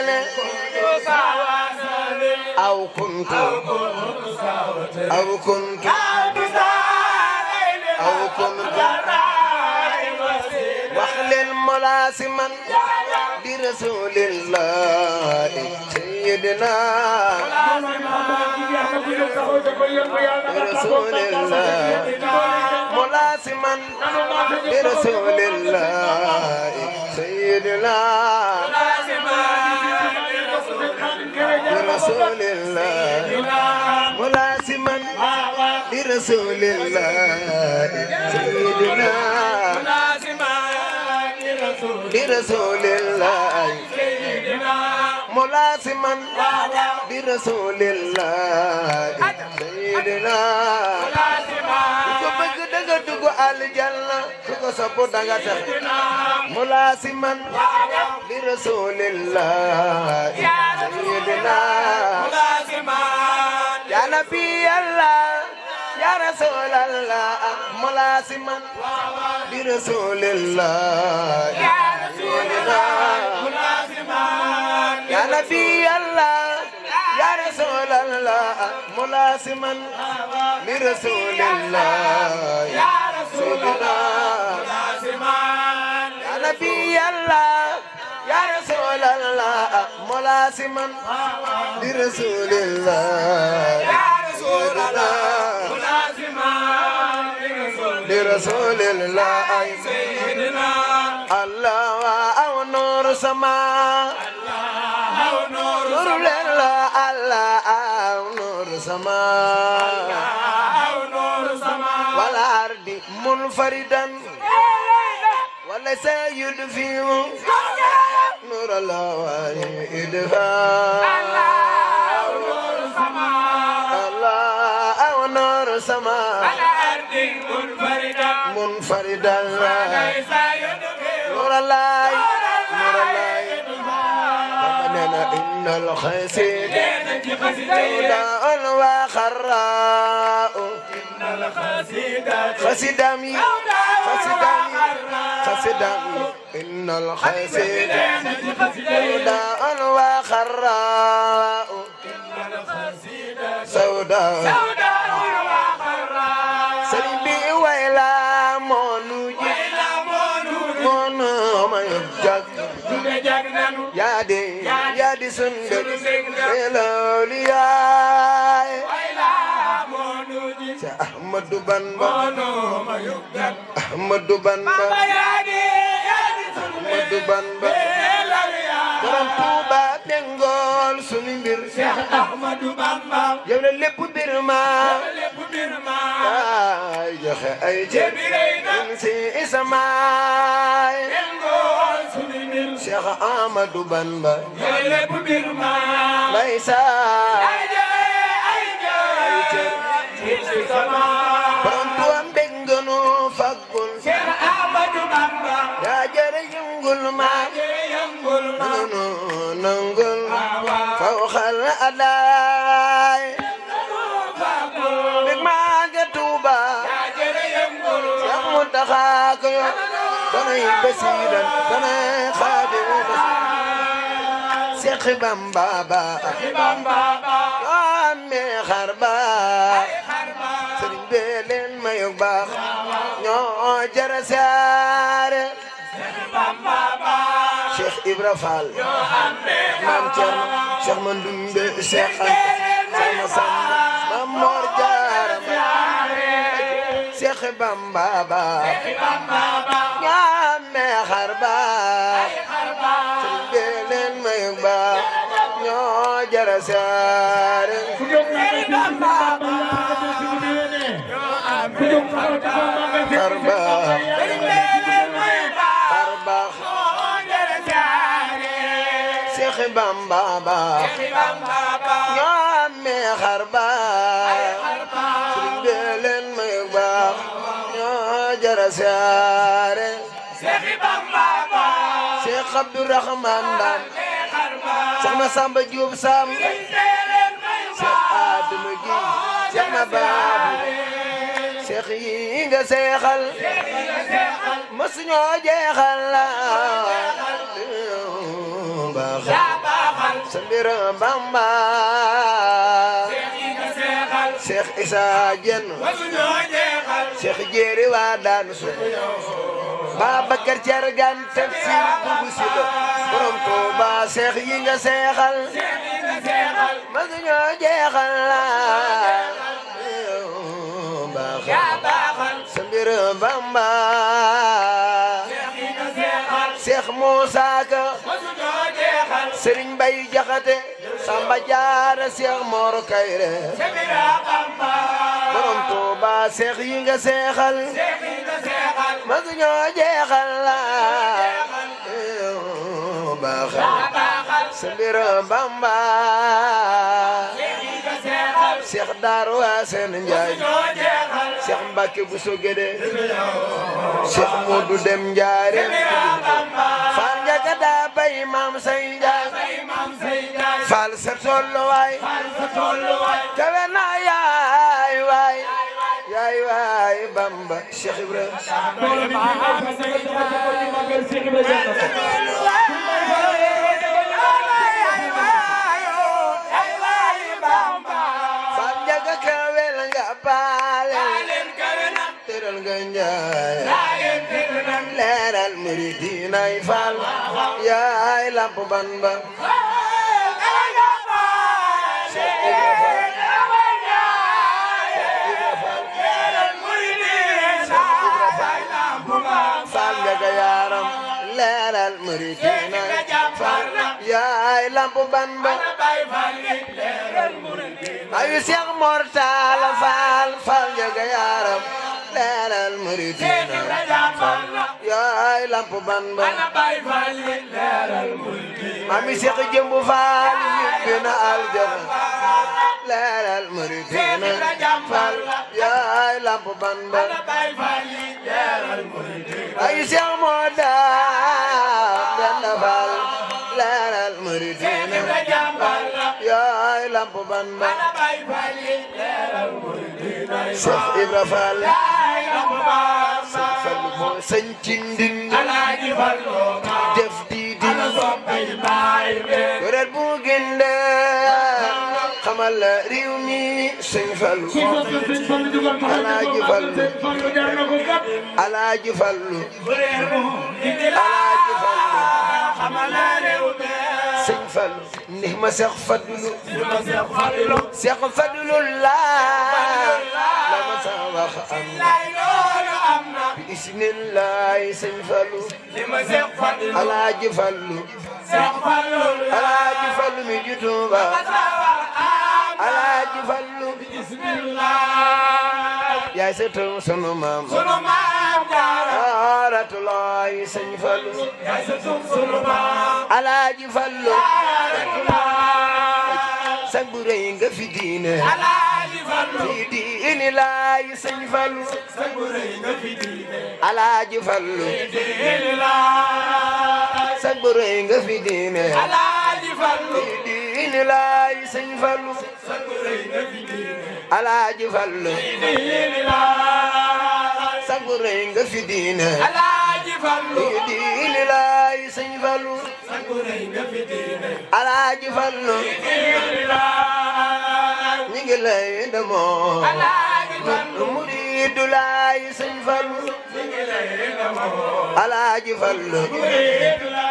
أو كنت أو كنت أو كنت واخلل ملاسما برسول الله سيدنا برسول الله ملاسما برسول الله سيدنا لرسول الله ملازما لرسول الله سيدنا ملازما لرسول الله سيدنا ملازما لرسول الله سيدنا ملازما ko sopp danga taxe mulaasiman li rasulillah sayyidina mulaasiman ya nabiyallah ya rasulallah mulaasiman li rasulillah sayyidina mulaasiman ya nabiyallah يا رسول الله ملاسما لرسول الله ملاسما لرسول الله يا رسول الله ملاسما لرسول الله أي سيدنا الله أو نور سما الله أو نور سما الله أو نور سما الله منفردا وليس يدفي نور الله يدفع السماء على أرض منفردة منفردة وليس يدبر نور الله نور الله فمننا إن الخسيد لولا الوخراء إن الخسيد xasidaam yi xasidaam yi xasidaam yi innal xasidaam daan wa xaraa sawdaa sëriñ bi wayla moonu ji moonu ma jag yaa di yaa di sunde loolu yaay Ahmadu Bamba Ahmadu Bamba Ahmadu Bamba borom Tuuba pengool sunu mbir Cheikh Ahmadu Bamba yow la lépp mbir ma ay joxe ay jër si isamaay pengool sunu mbir Cheikh Ahmadu Bamba yow la lépp mbir ma bay saa borom tuwa mbég nga nu faggul Cheikh Ahmadou Bamba yaa jërë yëngul ma nunu nangul faw xal adaay mbég maa nga Tuuba Cheikh Muntaxa ko yo danay basiiran danay xaadim Cheikh Bamba ba Cheikh Bamba ba dee leen mayu baax ñoo jara saare Cheikh Ibra Fall maam Thierno Cheikh Mandoumbe Cheikh Anta sama samba maam leen mayu baax ñoo jara saare Bamba Abdourahman Ndam Soxna Samba Diop Sam Cheikh Adama Gueye Cheikh Mabab seex yi nga seexal mas ñoo jeexal la baaxal sa mbir Bamba seex Isa Jenn seex jéeri waa daan su Babacar Cargaan tafsir bugu si la borom Tuuba seex yi nga seexal mas ñoo jeexal la Bamba Cheikh Moussa Ka Serigne Baye Jaxate Samba Jaara Cheikh Mor Kayre Borom Touba Cheikh yi nga seexal masu ñoo jeexal la baaxal sa Bamba Cheikh Daaro waa seen Njaay Cheikh Mbacke bu Sogede Cheikh Modou dem Njaare Faal njaga daa bay maam say Njaay Faal sa tollu waay kawe naa yaay waay yaay waay Bamba Cheikh Ibrahima Njaay leeral muridina yi faal yaay lamp ban ba leeral muridina yaay lamp ban ba ayu Seex Mor Talla Faal faal njaga yaaram leeral muridina yaay lamp Bamba mami Seex Jëmbu Faal dina aljana leeral muridina yaay lamp Bamba ay Seex Mooda Benda Faal leeral muridina yaay lamp Bamba Seex Ibra Faal sañ ci ndin alaaji fallu def di ma seex fadlu seex fadlu laa la ma sa wax am bismillah sëñ Fallu li ma Seex Alaaji Fallu Seex Fallu Alaaji Fallu mi ju Alaaji Fallu bismillah yaay sëtu sunu maam sunu sëñ Fallu yaay sëtu sunu Alaaji Fallu jaaratulaay sa nga fi fi diini laay sëñ alaaji Fallu sa gurëy nga fi diine alaaji Fallu fi diini laay sëñ alaaji Fallu ñi ngi lay demoo muriidu laay sëñ Fallu ñi ngi lay demoo alaaji Fallu